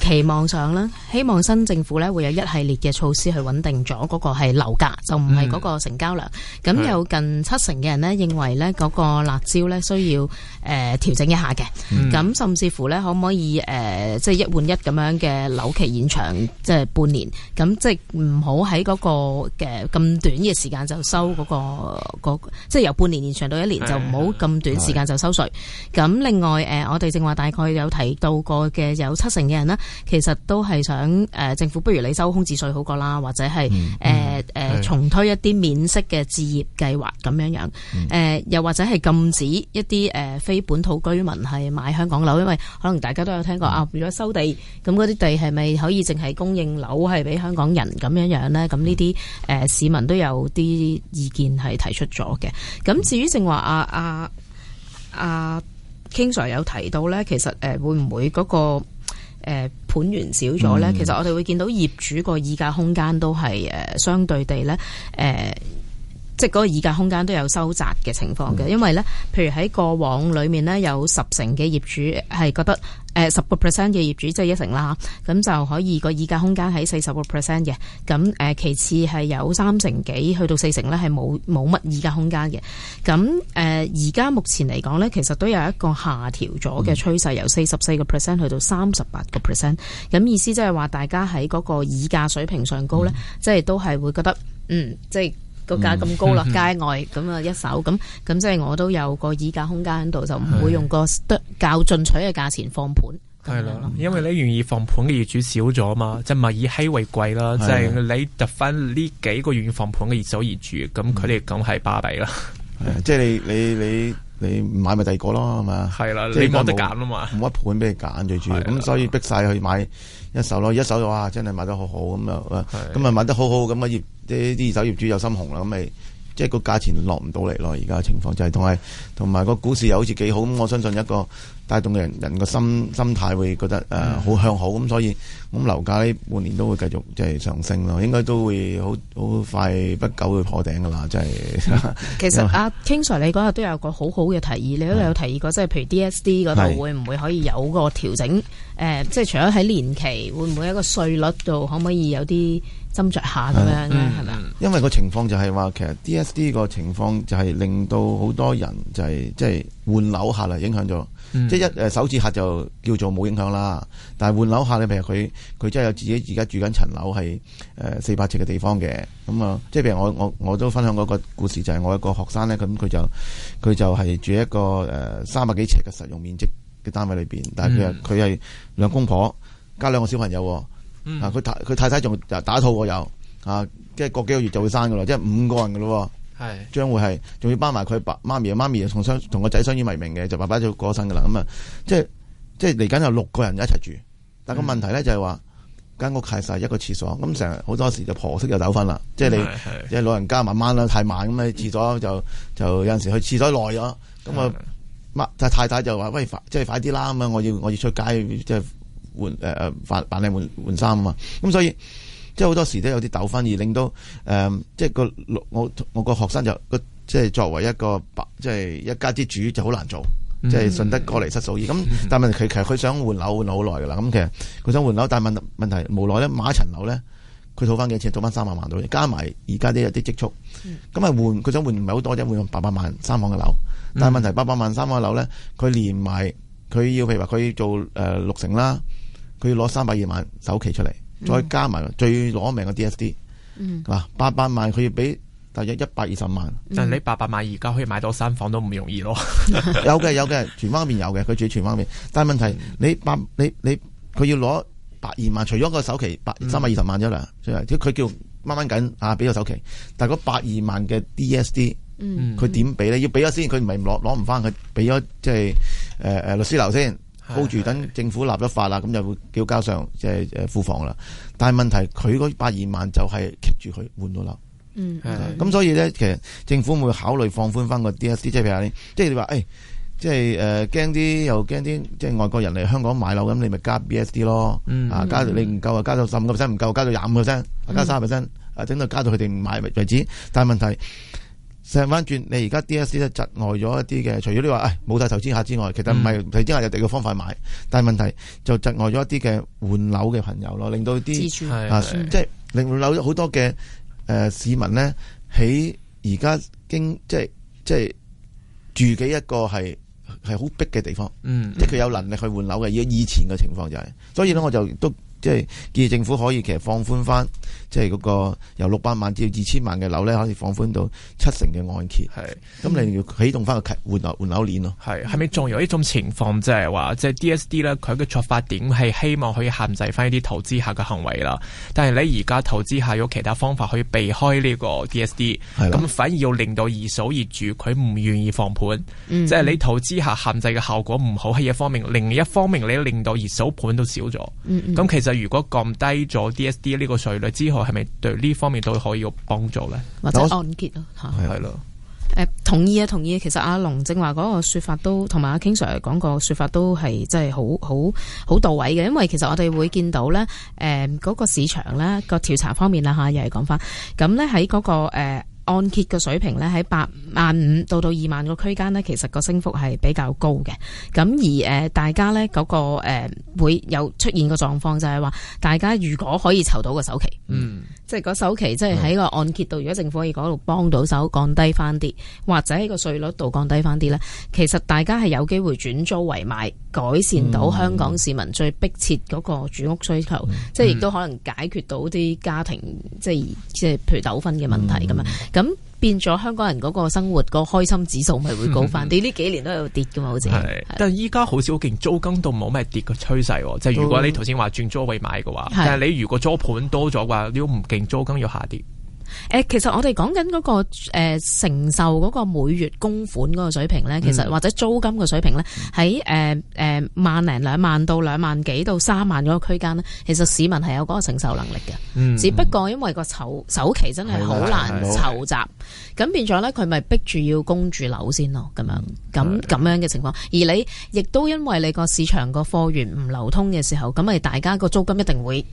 期望上咧，希望新政府咧會有一系列嘅措施去穩定咗嗰個係樓價，就唔係嗰個成交量。咁、嗯、有近七成嘅人咧認為咧嗰個辣招咧需要誒、呃、調整一下嘅。咁、嗯、甚至乎咧可唔可以誒即係一換一咁樣嘅樓期延長，即、就、係、是、半年？咁即係唔好喺嗰個嘅咁短嘅時間就收、那個個嗰即係由半年延長到一年、嗯、就唔好咁短時間就收稅。咁、嗯、另外誒、呃、我哋正話大概有提到過嘅有七成嘅人咧。其實都係想誒、呃，政府不如你收空置稅好過啦，或者係誒誒重推一啲免息嘅置業計劃咁樣樣誒，又或者係禁止一啲誒、呃、非本土居民係買香港樓，因為可能大家都有聽過、嗯、啊。如果收地咁，嗰啲地係咪可以淨係供應樓係俾香港人咁樣樣咧？咁呢啲誒市民都有啲意見係提出咗嘅。咁至於正話啊啊、啊、啊、King Sir 有提到咧，其實誒、呃、會唔會嗰、那個？誒，盤源少咗咧，其實我哋會見到業主個議價空間都係誒相對地咧誒。呃即係嗰個議價空間都有收窄嘅情況嘅，嗯、因為呢，譬如喺過往裡面呢，有十成嘅業主係覺得，誒十個 percent 嘅業主即係、就是、一成啦，咁就可以個議價空間喺四十個 percent 嘅，咁誒、呃、其次係有三成幾去到四成呢，係冇冇乜議價空間嘅，咁誒而家目前嚟講呢，其實都有一個下調咗嘅趨勢，嗯、由四十四個 percent 去到三十八個 percent，咁意思即係話大家喺嗰個議價水平上高呢，嗯、即係都係會覺得，嗯，即係。個、嗯、價咁高咯，街外咁啊一手咁咁，即係我都有個議價空間喺度，就唔會用個得較進取嘅價錢放盤。係啦的，因為你願意放盤嘅業主少咗嘛，即係咪以稀為貴啦？即係的你得返呢幾個願意放盤嘅二手業主而住，咁佢哋咁係巴閉啦。係啊，即係你你你。你你 你唔買咪第二個咯，係的嘛？係啦，你冇得揀啊嘛，冇一盤俾你揀最主要。咁的所以逼晒去買一手咯，一手就哇真係買得好、嗯、的買得好咁啊！咁啊買得好好咁啊業啲啲二手業主又心紅啦，咁咪、就是、即係個價錢落唔到嚟咯。而家情況就係，同埋同埋個股市又好似幾好，咁我相信一個。帶動人人個心心態會覺得誒好、呃、向好咁，嗯、所以咁樓價呢半年都會繼續即係、就是、上升咯。應該都會好好快不久會破頂噶啦，真、就、係、是。其實阿為 King Sir，你嗰日都有個好好嘅提議，你都有提議過，即係、嗯、譬如 D S D 嗰度會唔會可以有個調整？誒是、呃，即係除咗喺年期，會唔會一個稅率度可唔可以有啲斟酌下咁樣咧？係咪、嗯吧嗯、因為個情況就係話，其實 D S D 個情況就係令到好多人就係即係換樓客嚟影響咗。嗯、即一誒首置客就叫做冇影響啦，但係換樓客，咧，譬如佢佢真係有自己而家住緊層樓係誒四百尺嘅地方嘅，咁、嗯、啊、呃，即係譬如我我我都分享嗰個故事就係、是、我一個學生咧，咁佢就佢就係住一個誒、呃、三百幾尺嘅實用面積嘅單位裏邊，但係佢啊佢係兩公婆加兩個小朋友，嗯、啊佢太佢太太仲打打肚喎有，啊即係過幾個月就會生噶啦，即係五個人噶咯。係，將是會係，仲要包埋佢爸媽咪啊，媽咪啊，同相同個仔相依為命嘅，就爸爸就過身噶啦。咁、嗯、啊，即係即係嚟緊有六個人一齊住，但係個問題咧、嗯、就係話，間屋太細，一個廁所，咁成日好多時就婆媳就糾紛啦。嗯、即係你，即係老人家慢慢啦，太慢咁啊，廁所就就有陣時去廁所耐咗，咁、嗯、啊，就的太，太太就話喂，即係快啲啦，咁啊，我要我要，我要出街，上街上，即係換誒誒扮扮靚換換衫啊嘛，咁、嗯嗯嗯、所以。所以即係好多時都有啲糾紛，而令到誒、嗯，即係個我我個學生就即係作為一個白即係一家之主就好難做，嗯、即係順得哥情失嫂意。咁但係問題其實佢想換樓換咗好耐噶啦。咁其實佢想換樓，但係問問題無奈咧，買一層樓咧，佢套翻幾錢？套翻三百萬到，加埋而家啲有啲積蓄，咁係換佢想換唔係好多啫，換八百萬三房嘅樓。但係問題八百萬三房嘅樓咧，佢連埋佢要譬如話佢做誒、呃、六成啦，佢要攞三百二萬首期出嚟。再加埋最攞命嘅 DSD，嗱，八百萬佢要俾大約一百二十萬，嗯、但你八百萬而家可以買到三房都唔容易咯。 有嘅有嘅，荃灣嗰邊有嘅，佢住荃灣嗰邊。但係問題你八你你佢要攞百二萬，除咗個首期百三百二十萬啫啦，即係佢叫掹掹緊啊，俾個首期。但係嗰百二萬嘅 DSD，佢點俾咧？要俾咗先，佢唔係攞攞唔翻，佢俾咗即係誒誒律師樓先。hold 住等政府立咗法啦，咁就會叫交上即係誒庫房啦。但係問題佢嗰百二萬就係 keep 住佢換到樓。嗯，係、嗯。咁、嗯、所以咧，其實政府會考慮放寬翻個 D S D，即係譬如話、欸，即係你話，誒、呃，即係誒驚啲又驚啲，即係外國人嚟香港買樓咁，你咪加 B S D 咯。嗯、啊，加你唔夠、嗯、啊，加到十五個 percent 唔夠，加到廿五個 percent，加卅個 percent，啊，整到加到佢哋唔買為止。但係問題。上翻轉，你而家 D.S.C. 咧窒礙咗一啲嘅，除咗你話誒冇得投資客之外，其實唔係投資客有第二個方法買，但係問題就窒礙咗一啲嘅換樓嘅朋友咯，令到啲啊即係令換樓有好多嘅誒、呃、市民咧，喺而家經即係即係住幾一個係係好逼嘅地方，嗯嗯、即係佢有能力去換樓嘅。以以前嘅情況就係、是，所以咧我就都即係建議政府可以其實放寬翻。即係嗰個由六百萬至二千萬嘅樓咧，可以放寬到七成嘅按揭。係是，咁你要起動翻個換樓換樓鏈咯。係是，係咪仲有一種情況，即係話即係 DSD 咧？佢嘅出發點係希望可以限制翻一啲投資客嘅行為啦。但係你而家投資客有其他方法可以避開呢個 DSD，咁是的 反而要令到二手業主佢唔願意放盤。即係、嗯嗯、你投資客限制嘅效果唔好係一方面，另一方面你令到二手盤都少咗。咁、嗯嗯、其實如果降低咗 DSD 呢個稅率之後，係咪對呢方面都可以有幫助咧？或者按揭咯，吓，係咯。誒，同意啊，同意。其實阿龍正話嗰個說法都同埋阿 King Sir 講個說法都係真係好好好到位嘅。因為其實我哋會見到咧，誒、嗯，嗰、那個市場咧個調查方面啦吓、啊，又係講翻。咁咧喺嗰個誒。呃按揭嘅水平咧喺八萬五到到二萬個區間咧，其實個升幅係比較高嘅。咁而誒，大家咧嗰個誒會有出現個狀況就，就係話大家如果可以籌到個首期，嗯，即係個首期，即係喺個按揭度，嗯、如果政府可以嗰度幫到手，降低翻啲，或者喺個稅率度降低翻啲咧，其實大家係有機會轉租為買，改善到香港市民最迫切嗰個住屋需求，嗯、即係亦都可能解決到啲家庭，即係即係譬如糾紛嘅問題咁啊。嗯嗯咁變咗香港人嗰個生活、個開心指數咪會高翻？啲呢、嗯、幾年都有跌噶嘛，好似是。是但係依家好少勁租金都冇咩跌嘅趨勢，即、就、係、是、如果你頭先話轉租位買嘅話，到但係你如果租盤多咗嘅話，你都唔勁租金要下跌。誒，其實我哋講緊嗰個誒、呃、承受嗰個每月供款嗰個水平咧，其實或者租金嘅水平咧，喺誒誒萬零兩萬到兩萬幾到三萬嗰個區間咧，其實市民係有嗰個承受能力嘅。嗯、只不過因為個籌首期真係好難籌集，咁變咗咧佢咪逼住要供住樓先咯，咁樣咁咁樣嘅情況。的而你亦都因為你個市場個貨源唔流通嘅時候，咁咪大家個租金一定會。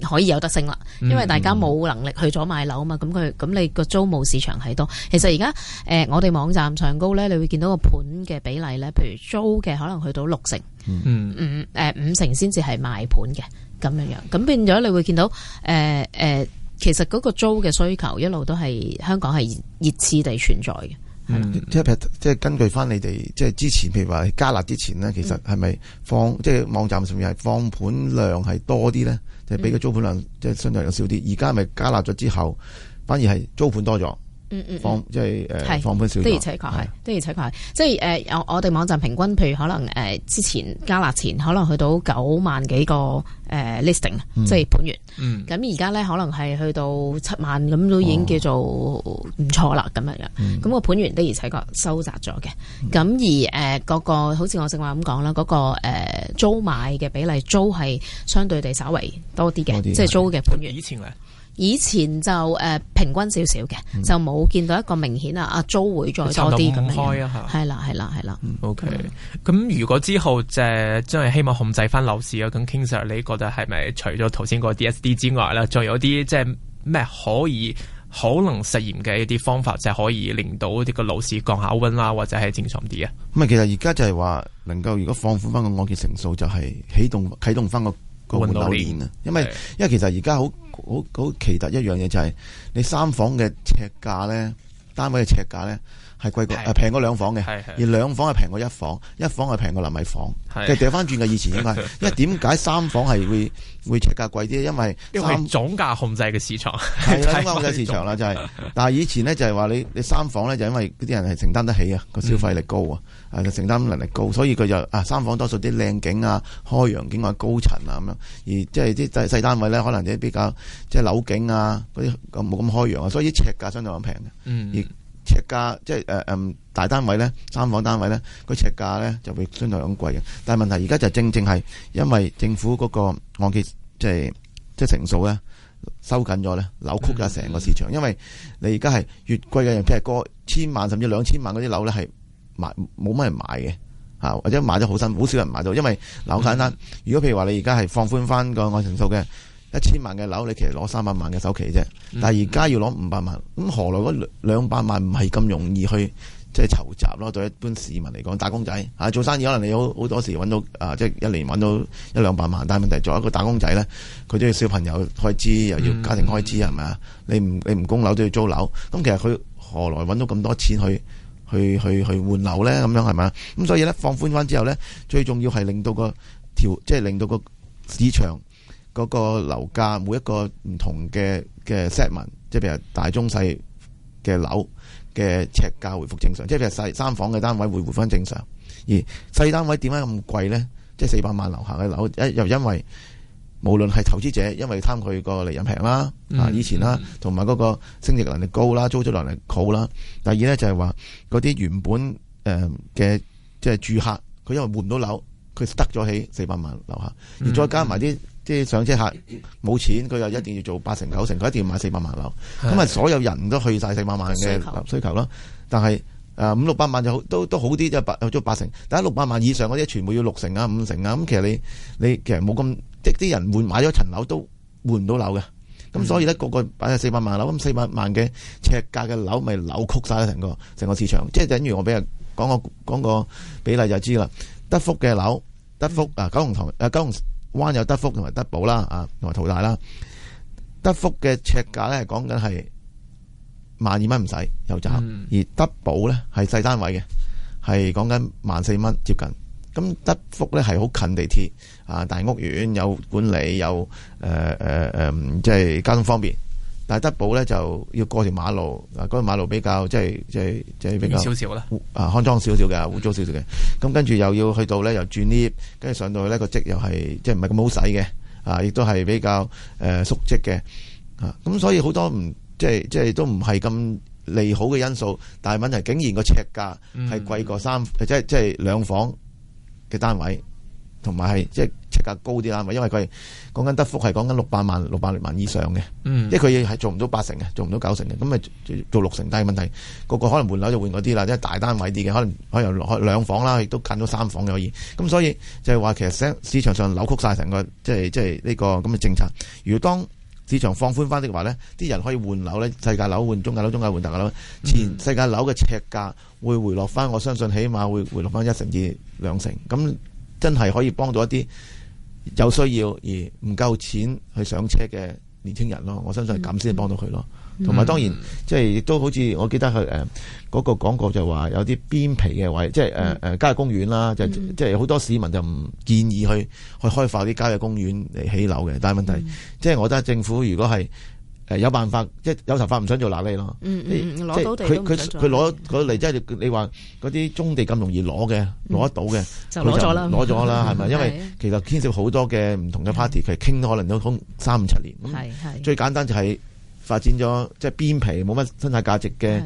可以有得升啦，因為大家冇能力去咗買樓嘛，咁佢咁你個租務市場係多。其實而家誒，我哋網站上高咧，你會見到個盤嘅比例咧，譬如租嘅可能去到六成，嗯、五誒、呃、五成先至係賣盤嘅咁樣樣。咁變咗你會見到誒誒、呃呃，其實嗰個租嘅需求一路都係香港係熱刺地存在嘅。嗯，即係根據翻你哋，即係之前譬如話加納之前咧，其實係咪放、嗯、即係網站上面係放盤量係多啲咧，即、就、係、是、比個租盤量、嗯、即係相對又少啲。而家係咪加納咗之後，反而係租盤多咗？嗯嗯，嗯嗯即係是誒，係放盤少啲，而且確係，都而且確係，即係誒、呃，我哋網站平均，譬如可能誒之前加納前，可能去到九萬幾個誒、呃、listing，、嗯、即係盤源。咁、嗯、而家咧，可能係去到七萬，咁都已經叫做唔錯啦，咁樣、哦、樣。咁、嗯那個盤源的而且確收窄咗嘅。咁、嗯、而誒，各、呃那個好似我正話咁講啦，嗰、呃、個租買嘅比例，租係相對地稍微多啲嘅，即係租嘅盤源。以前以前就誒、呃、平均少少嘅，嗯、就冇見到一個明顯啊，啊租會再多啲咁樣，係啦係啦係啦。O K，咁如果之後就係真係希望控制翻樓市嘅，咁 King Sir，你覺得係咪除咗頭先個 D S D 之外啦，仲有啲即係咩可以可能實驗嘅一啲方法，就係可以令到呢個樓市降下温啦，或者係正常啲啊？咁係，其實而家就係話能夠如果放寬翻個按揭成數，就係、是、啟動啟動翻個個換樓鏈。因為對 因為其實而家好。好好奇特一樣嘢就係、是，你三房嘅尺價咧，單位嘅尺價咧。係貴是的、啊、過，誒平過兩房嘅，而兩房係平過一房，一房係平過納米房，即係掉翻轉嘅以前應該。是的 因為點解三房係會會尺價貴啲？因為因為總價控制嘅市場，係啦，總價控制市場啦，啊、場就係、是。但係以前呢，就係話你你三房呢，就因為嗰啲人係承擔得起啊，個、嗯、消費力高啊，承擔能力高，所以佢就啊三房多數啲靚景啊，開揚景或高層啊咁樣。而即係啲細單位呢，可能啲比較即係樓景啊，嗰啲冇咁開揚啊，所以尺價相對咁平嘅。平嗯。尺價即係誒、誒大單位咧，三房單位咧，個尺價咧就會相對咁貴嘅。但係問題而家就正正係因為政府嗰個按揭，就是、即係即係成數咧收緊咗咧，扭曲咗成個市場。因為你而家係越貴嘅人，譬如過千萬甚至兩千萬嗰啲樓咧，係買冇乜人買嘅嚇，或者買咗好新，好少人買到。因為嗱，好簡單，如果譬如話你而家係放寬返個按成數嘅。一千萬嘅樓，你其實攞三百萬嘅首期啫。但係而家要攞五百萬，咁何來嗰兩百萬唔係咁容易去即係籌集咯？對一般市民嚟講，打工仔啊，做生意可能你好好多時揾到啊，即係一年揾到一兩百萬。但係問題做一個打工仔呢，佢都要小朋友開支，又要家庭開支，係咪啊？你唔你唔供樓都要租樓，咁其實佢何來揾到咁多錢去去去去換樓呢？咁樣係咪啊？咁所以呢，放寬翻之後呢，最重要係令到個調，即係令到個市場。嗰個樓價每一個唔同嘅嘅 set 即係譬如大中細嘅樓嘅尺價回復正常，即係譬如細三房嘅單位會回翻正常。而細單位點解咁貴咧？即係四百萬樓下嘅樓，又因為無論係投資者，因為貪佢個利潤平啦，啊、嗯、以前啦，同埋嗰個升值能力高啦，租咗能力高啦。第二咧就係話嗰啲原本誒嘅即係住客，佢因為換唔到樓，佢得咗起四百萬樓下，而再加埋啲。即係上車客冇錢，佢又一定要做八成九成，佢一定要買四百萬樓。咁啊的，所有人都去晒四百萬嘅需求咯。求但係啊、呃，五六百萬就好，都都好啲，就八做八成。但係六百萬以上嗰啲，全部要六成啊、五成啊。咁其實你你其實冇咁即啲人換買咗層樓都換唔到樓嘅。咁的所以咧，個個擺四百萬樓，咁四百萬嘅尺價嘅樓咪扭曲晒成個成個市場。即係等於我俾人講個講個比例就知啦。德福嘅樓，德福啊，九龍塘啊、呃，九龍。灣有德福同埋德保啦，啊，同埋淘大啦。德福嘅尺價咧，講緊係萬二蚊唔使有賺，嗯、而德保咧係細單位嘅，係講緊萬四蚊接近。咁德福咧係好近地鐵啊，大屋苑有管理有誒誒誒，即係交通方便。但係德寶咧就要過條馬路，嗱嗰條馬路比較即係即係即係比較少少啦，點點啊安裝少少嘅，污糟少少嘅，咁 跟住又要去到咧，又轉 lift，跟住上到去呢個積又係即係唔係咁好使嘅，啊亦都係比較誒縮積嘅，啊咁、嗯、所以好多唔即係即係都唔係咁利好嘅因素，但係問題竟然個尺價係貴過三、嗯、即係即係兩房嘅單位。同埋係即係尺價高啲啦，因為佢係講緊德福係講緊六百萬、六百零萬以上嘅，即係佢係做唔到八成嘅，做唔到九成嘅，咁咪做六成低嘅問題。個個可能換樓就換嗰啲啦，即係大單位啲嘅，可能可能兩房啦，亦都近咗三房可以。咁所以就係話其實市市場上扭曲晒成個即係即係呢個咁嘅政策。如果當市場放寬翻的話咧，啲人可以換樓咧，細價樓換中價樓，中價樓換大價樓。前細價樓嘅尺價會回落翻，我相信起碼會回落翻一成至兩成。咁真係可以幫到一啲有需要而唔夠錢去上車嘅年輕人咯，我相信咁先幫到佢咯。同埋、嗯、當然即係亦都好似我記得佢誒嗰個講過就話有啲邊皮嘅位，即係誒誒郊野公園啦，嗯、就即係好多市民就唔建議去去開發啲郊野公園嚟起樓嘅。但係問題、嗯、即係我覺得政府如果係。誒有辦法，即係有頭髮唔想做嗱嗱咯。嗯嗯，攞到佢佢佢攞攞嚟，即係你話嗰啲棕地咁容易攞嘅，攞得到嘅，就攞咗啦，攞咗啦，係咪？因為其實牽涉好多嘅唔同嘅 party，佢傾可能都通三五七年。係係，最簡單就係發展咗即係邊皮冇乜生產價值嘅。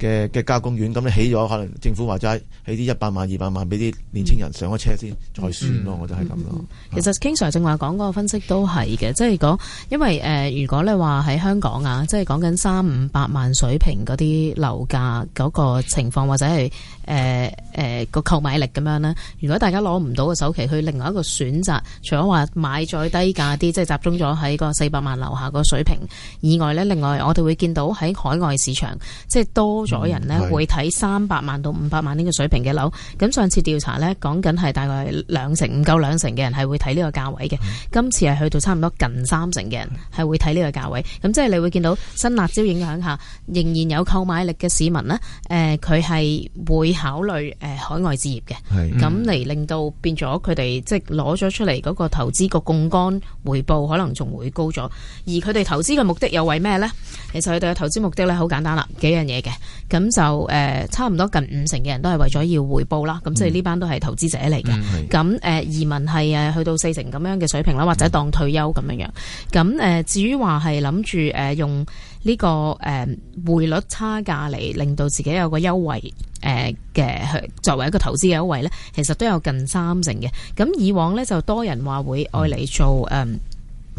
嘅嘅加工院，咁你起咗，可能政府話齋起啲一百萬二百萬，俾啲年青人上咗車先再算咯，嗯、我就係咁咯。嗯嗯嗯嗯、其實 King Sir 正話講嗰個分析都係嘅，即係講，因為誒、呃，如果咧話喺香港啊，即係講緊三五百萬水平嗰啲樓價嗰個情況或者係誒誒個購買力咁樣咧，如果大家攞唔到嘅首期，去另外一個選擇，除咗話買再低價啲，即、就、係、是、集中咗喺個四百萬樓下個水平以外咧，另外我哋會見到喺海外市場即係、就是、多。左人呢，嗯、會睇三百萬到五百萬呢個水平嘅樓，咁上次調查呢，講緊係大概兩成唔夠兩成嘅人係會睇呢個價位嘅，是今次係去到差唔多近三成嘅人係會睇呢個價位，咁即係你會見到新辣招影響下，仍然有購買力嘅市民呢，誒佢係會考慮誒、呃、海外置業嘅，咁嚟、嗯、令到變咗佢哋即係攞咗出嚟嗰個投資個槓桿回報可能仲會高咗，而佢哋投資嘅目的又為咩呢？其實佢哋嘅投資目的呢，好簡單啦，幾樣嘢嘅。咁就誒差唔多近五成嘅人都係為咗要回報啦，咁、嗯、即係呢班都係投資者嚟嘅。咁誒、嗯、移民係誒去到四成咁樣嘅水平啦，或者當退休咁樣樣。咁誒、嗯、至於話係諗住誒用呢個誒匯率差價嚟令到自己有個優惠誒嘅，作為一個投資嘅優惠咧，其實都有近三成嘅。咁以往咧就多人話會愛嚟做誒，嗯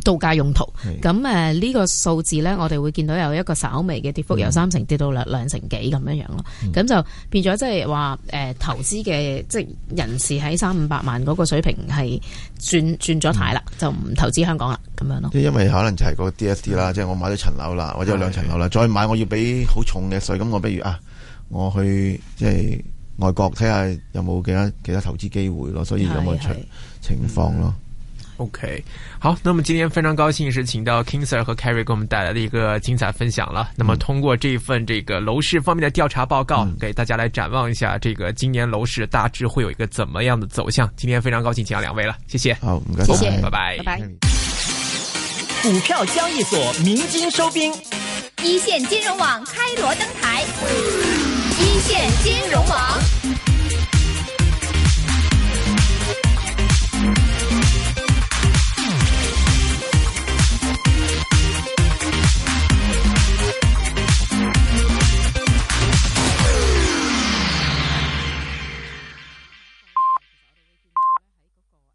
度假用途，咁誒呢個數字呢，我哋會見到有一個稍微嘅跌幅，由三成跌到兩兩成幾咁、嗯、樣樣咯。咁就變咗即係話誒投資嘅即人士喺三五百萬嗰個水平係轉轉咗軚啦，了了嗯、就唔投資香港啦咁樣咯。因為可能就係個 DSD 啦、嗯，即係我買咗層樓啦，或者有兩層樓啦，的再買我要俾好重嘅稅，咁我不如啊我去即係外國睇下有冇其他其他投資機會咯，所以有冇情況的的情況咯。嗯 OK，好，那麼今天非常高興是請到 King Sir 和 Carrie 給我們帶來的一個精彩分享了。那麼通過這一份這個樓市方面的調查報告，嗯、給大家來展望一下這個今年樓市大致會有一個怎麼樣的走向。今天非常高興請到兩位了，謝謝。好，我們謝謝，拜拜，拜拜。股票交易所鳴金收兵，一線金融網開鑼登台，一線金融網。